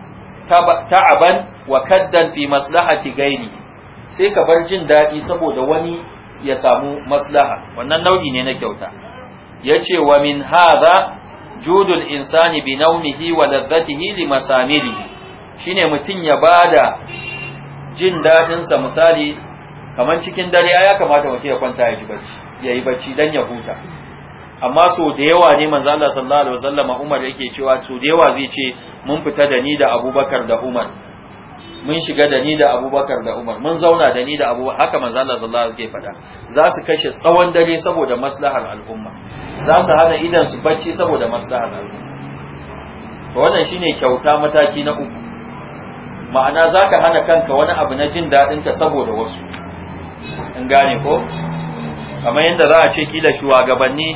ta'aban wa kaddan fi maslahati gairi sai ka bar jin daɗi saboda wani ya samu maslaha wannan nau'i ne na kyauta ya ce wa min hadha judul insani bi naumihi wa ladhatihi li masamirihi shine mutum ya bada jin daɗinsa misali kamar cikin dare ya kamata mutum ya kwanta ya ji bacci ya yi bacci dan ya huta amma so da yawa ne manzo Allah sallallahu alaihi wasallama Umar yake cewa so da yawa zai ce mun fita da ni da Abubakar da Umar mun shiga da ni da Abubakar da Umar mun zauna da ni da Abu haka manzo Allah sallallahu alaihi wasallam yake faɗa za su kashe tsawon dare saboda maslahar al'umma za su hana idan su bacci saboda maslahar al'umma to wannan shine kyauta mataki na uku ma'ana zaka hana kanka wani abu na jin ka saboda wasu in gane ko kamar yadda za a ce kila shugabanni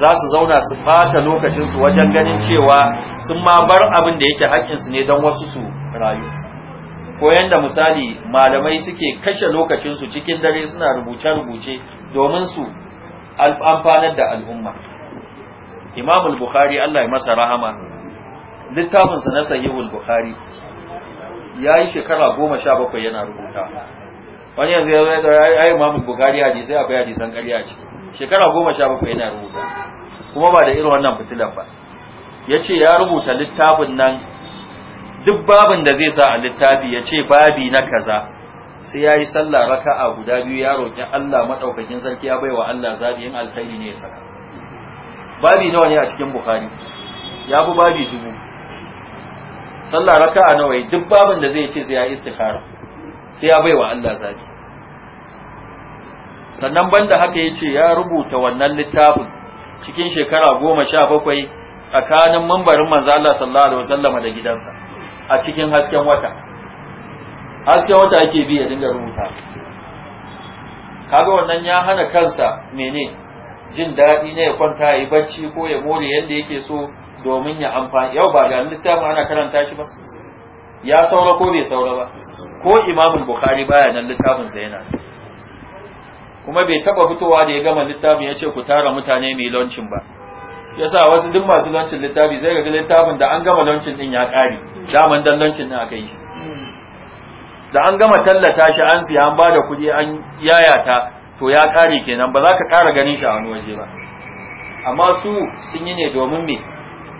za su zauna su bata lokacinsu wajen ganin cewa sun ma bar abin da yake haƙƙinsu ne don wasu su rayu ko yadda misali malamai suke kashe lokacinsu cikin dare suna rubuce-rubuce domin su amfanar da al'umma imam bukhari allah ya masa rahama littafinsa na sahihul bukhari ya yi shekara goma sha bakwai yana rubuta wani yanzu ya zai ya ga ai Imam Bukhari hadisi akwai haji san a ciki shekara goma sha bakwai yana rubuta kuma ba da irin wannan fitilar ba ya ce ya rubuta littafin nan duk babin da zai sa a littafi ya ce babi na kaza sai ya yi sallah raka'a guda biyu ya roƙi Allah maɗaukakin sarki ya baiwa Allah zaɓi yin alkhairi ne ya saka babi nawa ne a cikin bukari ya fi babi dubu sallah raka'a nawa duk babin da zai ce sai ya istikhara sai ya baiwa Allah zabi sannan banda haka yace ya rubuta wannan littafin cikin shekara goma sha bakwai tsakanin mambarin manzo Allah sallallahu alaihi wasallama da gidansa a cikin hasken wata hasken wata ake bi ya dinga rubuta kaga wannan ya hana kansa mene jin daɗi ne ya kwanta ya yi bacci ko ya more yadda yake so domin ya amfani yau ba ga littafin ana karanta shi ba ya saura ko bai saura ba ko imamul bukhari baya nan littafin sa yana kuma bai taba fitowa da ya gama littafin ya ce ku tara mutane mai launcin ba yasa wasu duk masu launcin littafi zai ga littafin da an gama launcin din ya kare daman dan launcin din aka yi shi da an gama tallata shi an siya an bada kuɗi an yayata to ya kare kenan ba za ka kara ganin shi a wani waje ba amma su sun yi ne domin me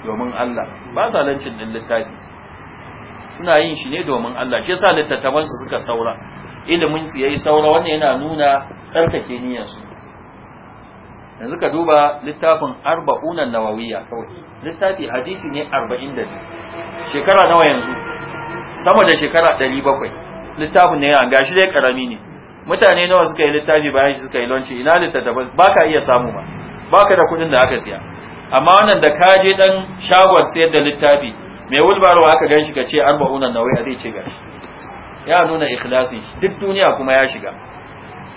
domin Allah ba sa lancin din littafi suna yin shi ne domin Allah shi yasa littattafan su suka saura ilimin su yayi saura wannan yana nuna tsarkake niyyar su yanzu ka duba littafin arba'una nawawiya kawai littafi hadisi ne 42 shekara nawa yanzu sama da shekara 700 littafin ne ya gashi dai karami ne mutane nawa suka yi littafi bayan shi suka yi lonci ina littattafan baka iya samu ba baka da kuɗin da aka siya amma wannan da kaje dan shagon sayar da littafi mai wulbarwa aka gan shi ka ce arba'una nawai zai ce gashi ya nuna ikhlasin shi duk duniya kuma ya shiga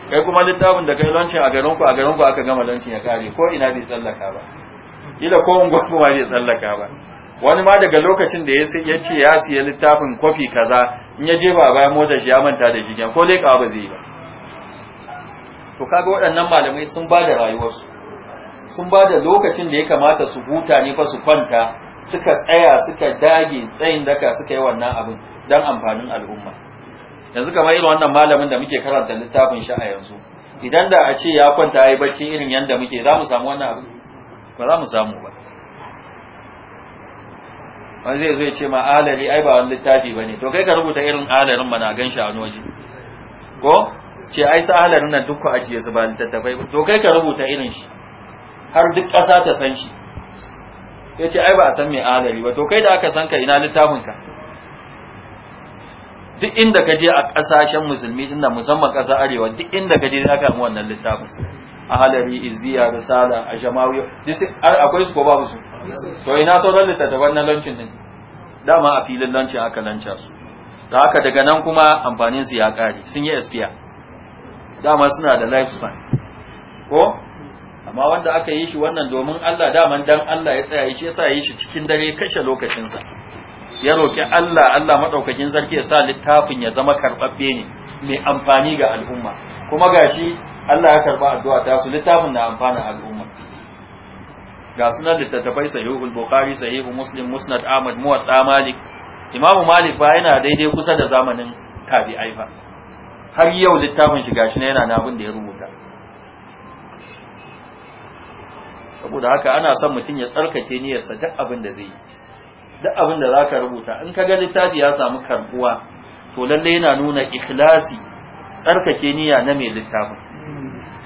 kai kuma littafin da kai lancin a garin ku a garin ku aka gama lancin ya kare ko ina bai tsallaka ba kila ko unguwa kuma bai tsallaka ba wani ma daga lokacin da ya ce ya siya littafin kofi kaza in ya je ba bayan motar shi ya manta da jigen ko leƙawa ba zai yi ba to kaga waɗannan malamai sun ba da rayuwarsu sun ba da lokacin da ya kamata su huta ne fa su kwanta suka tsaya suka dage tsayin daka suka yi wannan abin don amfanin al'umma yanzu kamar irin wannan malamin da muke karanta littafin shi a yanzu idan da a ce ya kwanta ya yi bacci irin yadda muke za mu samu wannan abin ba za mu samu ba wani zai zo ya ce ma alari ai ba wani littafi ba ne to kai ka rubuta irin alarin mana gan shi a noji ko ce ai sa alarin nan duk ku ajiye su ba littattafai to kai ka rubuta irin shi har duk ƙasa ta san shi ya ce ai ba a san mai adali ba to kai da aka san ka ina ka. duk inda ka je a ƙasashen musulmi inda musamman ƙasa arewa duk inda ka je za ka wannan littafin a halari izziya risala a jamawi akwai su ko babu su to ina sauran littattafan na lancin din dama a filin lancin aka lanca su da haka daga nan kuma amfanin su ya kare. sun yi espiya dama suna da lifespan ko amma wanda aka yi shi wannan domin Allah daman dan Allah ya tsaya shi yasa yi shi cikin dare kashe lokacinsa ya roki Allah Allah madaukakin sarki ya sa littafin ya zama karbabbe ne mai amfani ga al'umma kuma gashi Allah ya karba addu'a ta su littafin na amfana al'umma ga sunan littattafai sahihul bukhari sahihu muslim musnad ahmad muwatta malik Imam malik ba yana daidai kusa da zamanin tabi'ai ba har yau littafin shi gashi ne yana nan abin da ya rubuta saboda haka ana son mutum ya tsarkake niyarsa duk abin da zai duk abin da zaka rubuta in ka ga littafi ya samu karbuwa to lalle yana nuna ikhlasi tsarkake niyya na mai littafin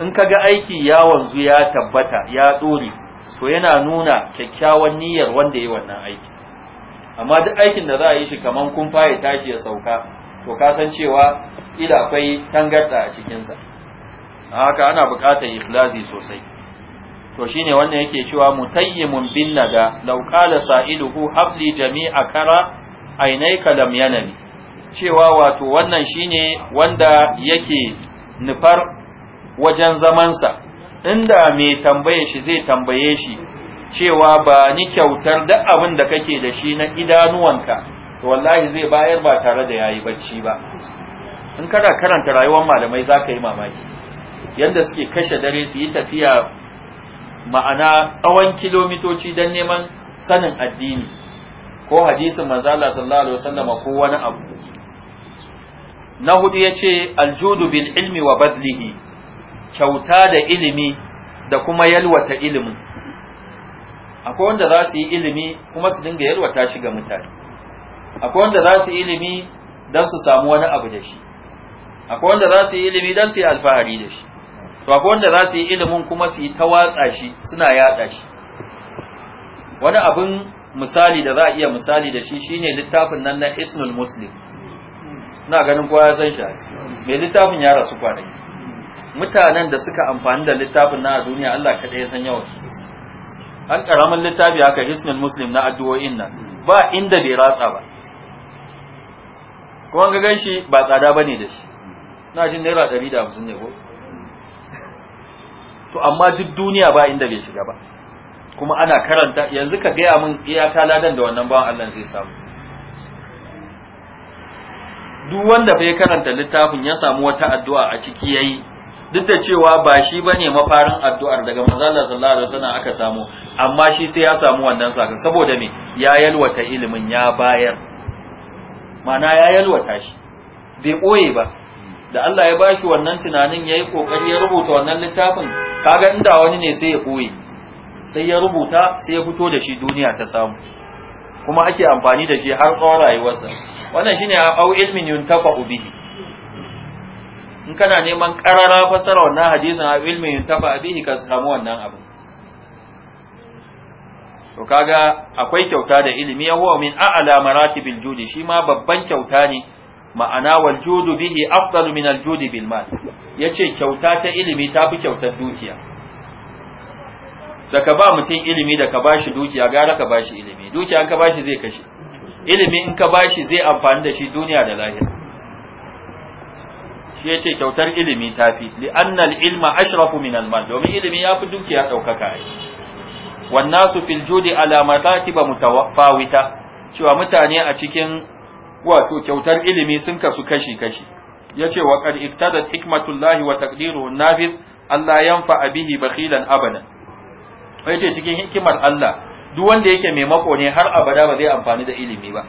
in ka ga aiki ya wanzu ya tabbata ya dore to yana nuna kyakkyawan niyyar wanda yayi wannan aiki amma duk aikin da za a yi shi kaman kun faye tashi ya sauka to ka san cewa ila akwai tangarda a cikinsa haka ana bukatar ikhlasi sosai to shine wannan yake cewa mutayyimun bin nada law qala sa'iluhu habli jami'a kara ainaika lam yanami cewa wato wannan shine wanda yake nufar wajen zamansa inda mai tambaye shi zai tambaye shi cewa ba ni kyautar duk abin da kake da shi na idanuwanka to wallahi zai bayar ba tare da yayi bacci ba in kana karanta rayuwar malamai zaka yi mamaki yanda suke kashe dare su yi tafiya ma'ana tsawon kilomitoci don neman sanin addini ko hadisin manzo Allah sallallahu alaihi wasallam ko wani abu na hudu yace aljudu bil ilmi wa badlihi kyauta da ilimi da kuma yalwata ilimin akwai wanda za su yi ilimi kuma su dinga yalwata shi ga mutane akwai wanda za su yi ilimi don su samu wani abu da shi akwai wanda za su yi ilimi don su yi alfahari da shi to akwai wanda za su yi ilimin kuma su yi ta watsa shi suna yaɗa shi wani abin misali da za a iya misali da shi shine littafin nan na ismul muslim ina ganin kowa ya san shi mai littafin ya rasu kwanaki mutanen da suka amfani da littafin na a duniya Allah kaɗai ya san yawan an karamin littafi haka ismul muslim na addu'o'in nan ba inda bai ratsa ba kuma ga ganshi ba tsada bane da shi na jin naira 150 ne ko to amma duk duniya ba inda bai shiga ba kuma ana karanta yanzu ka gaya mun iyaka ladan da wannan bawan Allah zai samu duk wanda bai karanta littafin ya samu wata addu'a a ciki yayi duk da cewa ba shi bane mafarin addu'ar daga maza sallallahu alaihi wasallam aka samu amma shi sai ya samu wannan saka saboda me ya yalwata ilimin ya bayar ma'ana ya yalwata shi bai ɓoye ba da Allah ya bashi wannan tunanin ya yi kokari ya rubuta wannan littafin kaga inda wani ne sai ya koyi sai ya rubuta sai ya fito da shi duniya ta samu kuma ake amfani da shi har tsawon rayuwarsa wannan shine au ilmin yuntafa bihi in kana neman karara fasara wannan hadisin au ilmin yuntafa bihi ka samu wannan abin to kaga akwai kyauta da ilimi ya huwa min a'ala maratibil judi shi ma babban kyauta ne ma'ana wal judu bihi afdalu min al judi bil mal yace kyauta ta ilimi ta fi kyautar dukiya da ka ba mutum ilimi da ka bashi dukiya gara ka bashi ilimi dukiya in ka bashi zai kashe ilimi in ka bashi zai amfani da shi duniya da lahira shi yace kyautar ilimi tafi li anna al ilma ashrafu min al mal domin ilimi yafi dukiya daukaka ai wan nasu fil judi ala ba mutawafawita cewa mutane a cikin wato kyautar ilimi sun kasu kashi-kashi yace wa qad iktadat hikmatullahi wa taqdiru nafiz Allah yanfa bihi bakhilan abadan yace cikin hikimar Allah duk wanda yake mai mako ne har abada ba zai amfani da ilimi ba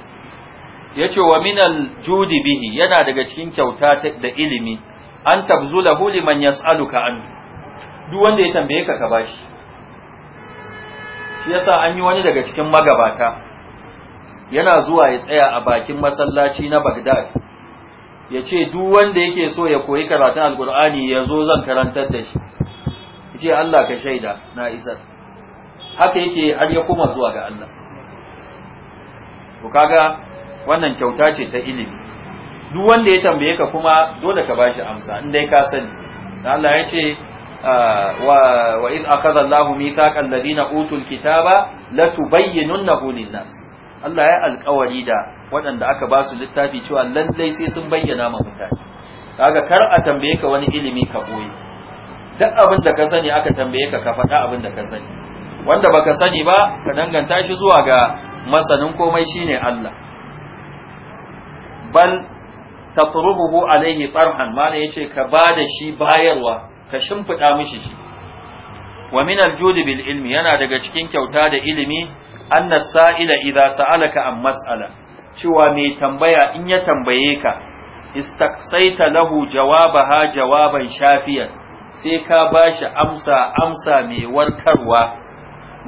yace wa minal judi bihi yana daga cikin kyauta da ilimi an tabzulahu liman yas'aluka an duk wanda ya tambaye ka ka bashi shi yasa an yi wani daga cikin magabata yana zuwa ya tsaya a bakin masallaci na Baghdad ya ce duk wanda yake so ya koyi karatun alkur'ani ya zo zan karantar da shi ya ce Allah ka shaida na isar haka yake har ya kuma zuwa ga Allah to kaga wannan kyauta ce ta ilimi duk wanda ya tambaye ka kuma dole ka bashi amsa in dai ka sani Allah ya ce ah, wa in akhadha Allahu mithaqa alladhina utul kitaba latubayyinunnahu lin-nas Allah ya alkawari da waɗanda aka ba su littafi cewa lallai sai sun bayyana ma mutane kaga kar a tambaye ka wani ilimi ka boye duk abin da ka sani aka tambaye ka ka faɗa abin da ka sani wanda baka sani ba ka danganta shi zuwa ga masanin komai shine Allah bal tatrubuhu alaihi tarhan mana yace ka bada shi bayarwa ka shimfida mishi shi wa min aljudi bil ilmi yana daga cikin kyauta da ilimi anna sa'ila idza sa'alaka an mas'ala cewa mai tambaya in ya tambaye ka istaqsayta lahu jawabaha jawaban shafiyan sai ka bashi amsa amsa mai warkarwa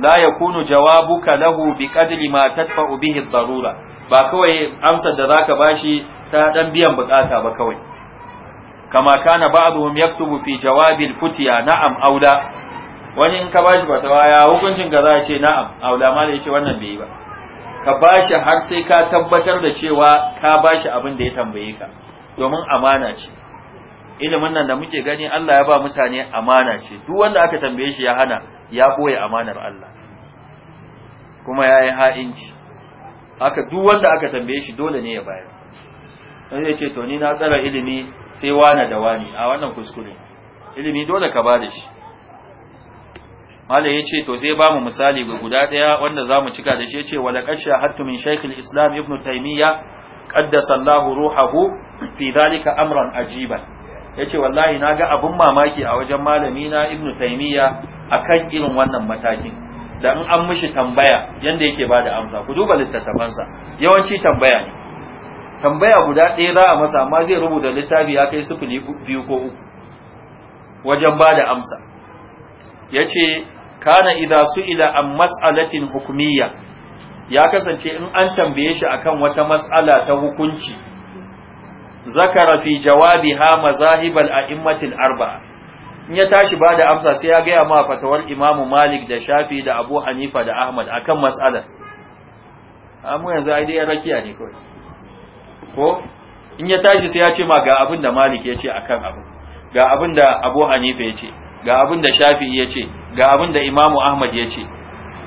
la yakunu jawabuka lahu biqadri ma tadfa'u bihi darura ba kawai amsar da zaka bashi ta dan biyan bukata ba kawai kama kana ba'dhum yaktubu fi jawabil futiya na'am aula wani in ka bashi fatawa ya hukuncin ka za a ce na'am a ulama da yace wannan bai yi ba ka bashi har sai ka tabbatar da cewa ka bashi abin da ya tambaye ka domin amana ce ilimin nan da muke gani Allah ya ba mutane amana ce duk wanda aka tambaye shi ya hana ya boye amanar Allah kuma ya yi ha'inci haka duk wanda aka tambaye shi dole ne ya bayar sai ya ce to ni na tsara ilimi sai wani da wani a wannan kuskure ilimi dole ka ba da shi malai ce to zai ba mu misali ga guda daya wanda zamu cika da shi yace wala qad shahadtu min shaykh islam ibn taymiya qaddasa Allah ruhahu fi dhalika amran ajiban yace wallahi naga abun mamaki a wajen malami na ibn taymiya akan irin wannan matakin da in an mishi tambaya yanda yake bada amsa ku duba littattafansa yawanci tambaya ne tambaya guda ɗaya za a masa amma zai rubuta littafi ya kai sifili biyu ko uku wajen bada amsa ya ce kana idza su'ila an mas'alatin hukumiyya ya kasance in an tambaye shi akan wata mas'ala ta hukunci zakara fi jawabiha mazahibal a'immatil arba'a in ya tashi ba da amsa sai ya gaya ma fatawar imam malik da shafi da abu hanifa da ahmad akan mas'alar amma ah, yanzu ai dai ya rakiya ne kawai ko in ya tashi sai ya ce ma ga abin da malik ya ce akan abu, ga abin da abu hanifa ya ce ga abin da shafi'i ya ce ga abin da imamu ahmad ya ce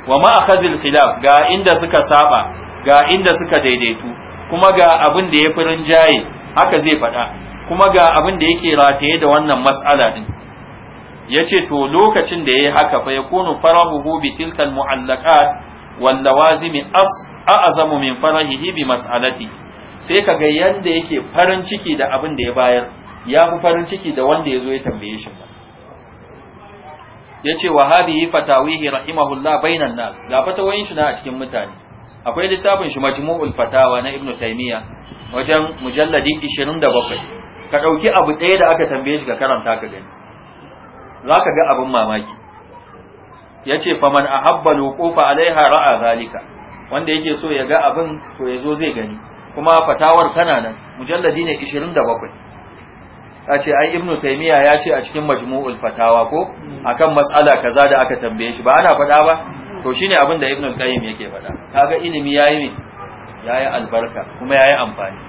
wa ma ma'akazil khilaf ga inda suka saba ga inda suka daidaitu kuma ga abin da ya fi rinjaye haka zai faɗa kuma ga abin da yake rataye da wannan mas'ala din ya ce to lokacin da ya yi haka fa ya kunu farahuhu bi tilkal mu'allaqat wal lawazimi a'zamu min farahihi bi mas'alati sai ka ga yanda yake farin ciki da abin da ya bayar ya fi farin ciki da wanda ya zo ya tambaye shi ba yace wa hadihi fatawihi rahimahullah bainan nas ga fatawoyin shi na a cikin mutane akwai littafin shi majmu'ul fatawa na ibnu taymiya wajen mujalladi 27 ka dauki abu ɗaya da aka tambaye shi ga karanta ka gani zaka ga abin mamaki yace faman ahabba luqufa alaiha ra'a zalika wanda yake so ya ga abin to yazo zai gani kuma fatawar tana nan mujalladi ne 27 a ce ai ibnu taymiya ya ce a cikin majmu'ul fatawa ko hmm. akan mas'ala kaza da aka tambaye shi ba ana faɗa ba hmm. to shine abin da ibnu qayyim yake faɗa kaga ilimi yayi ne yayi albarka kuma yayi amfani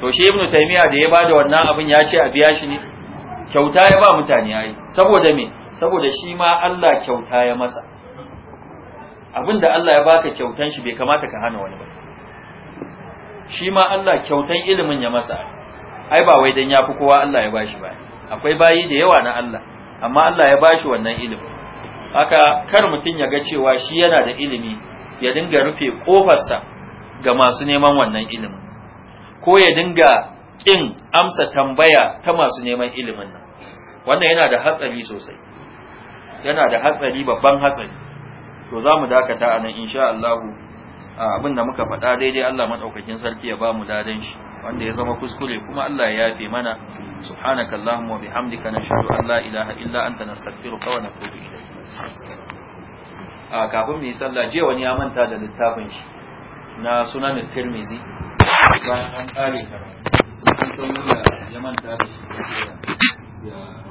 to shi ibnu taymiya da ya bada wannan abin ya ce a biya shi ne kyauta ya ba mutane yayi saboda me saboda shi ma Allah kyauta ya masa abin da Allah ya baka kyautan shi bai kamata ka hana wani ba shi ma Allah kyautan ilimin ya masa ai ba wai dan ya fi kowa Allah ya bashi ba akwai bayi da yawa na Allah amma Allah ya bashi wannan ilimi haka kar mutum ya ga cewa shi yana da ilimi ya dinga rufe kofarsa ga masu neman wannan ilimin ko ya dinga kin amsa tambaya ta masu neman ilimin nan wannan yana da hatsari sosai yana da hatsari babban hatsari to za mu dakata a nan insha Allah abin da muka faɗa daidai Allah madaukakin sarki ya ba mu ladan shi wanda ya zama kuskure kuma Allah ya yafe mana subhanakallahumma wa bihamdika nashhadu an la ilaha illa anta nastaghfiruka wa natubu ilayk a kafin mu yi sallah jiya wani ya manta da littafin shi na sunan Tirmidhi bayan an kare ba sun san ya manta da shi ya